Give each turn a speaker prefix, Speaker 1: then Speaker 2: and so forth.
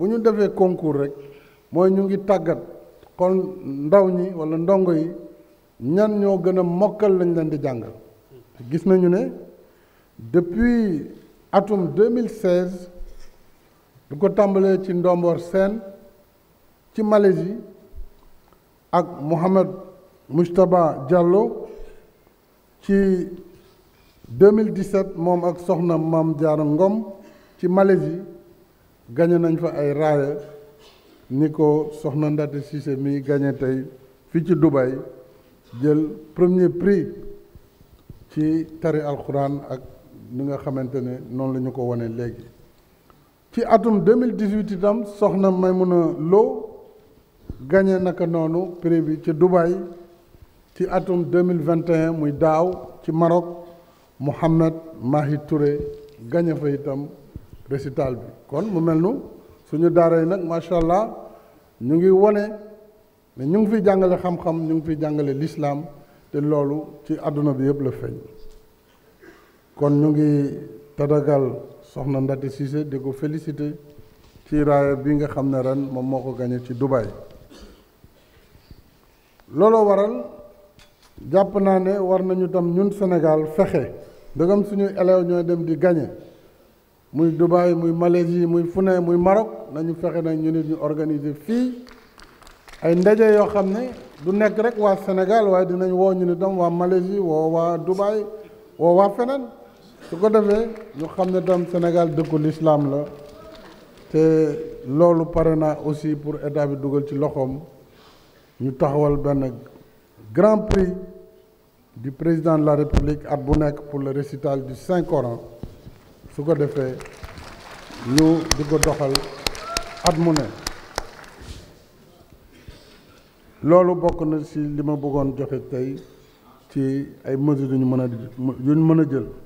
Speaker 1: bu ñu defee concours rek mooy ñu ngi tàggat kon ndaw ñi wala ndongo yi ñan ñoo gën a mokkal lañ leen di jàng gis nañu ne depuis atum 2016 lu ko tàmbalee ci Ndomboor Seen ci Malaisie ak Mohamed Moustaba Diallo ci 2017 moom ak soxna Maam Jaara Ngom ci Malaisie gañe nañ fa ay raaya ni ko soxna Ndate Cissé mi gañe tey fii ci Dubaï jël premier prix ci tari alxuraan ak ni nga xamante ne noonu lañu ko wane léegi ci atum 2018 itam soxna Maymuna Lo gañe naka noonu prix bi ci Dubaï ci atum 2021 muy daaw ci Maroc Mohamed Mahi Touré gañe fa itam récital bi kon mu melnu suñu daara yi nag macha allah ñu ngi woné né ñu ngi fi jàngale xam-xam ñu ngi fi l'islam té loolu ci aduna bi yëpp la kon ñu ngi tadagal soxna Ndati Cissé di ko féliciter ci raaya bi nga xam ne ren moom moo ko ci Dubai, lolo waral japp naa ne war nañu tam ñun Sénégal fexe dëgam suñu élèves ñooy dem di gagné muy Dubaï muy Malaisie muy Funé muy Maroc nañu fexé na ñu nit ñu organiser fi ay ndaje yo xamné du nekk rek wa Sénégal way dinañ woo ñu ni dom wa Malaisie wo wa Dubaï wo wa feneen su ko defee ñu xamné dom Sénégal dëkku lislaam la té lolu parana na aussi pour état bi dugal ci loxom ñu taxawal ben grand prix du président de la République at bu pour le récital du Saint Coran su ko defee ñu di ko doxal at mu ne loolu bokk na ci li ma bëggoon joxe tey ci ay mesures yu ñu mën a mën a jël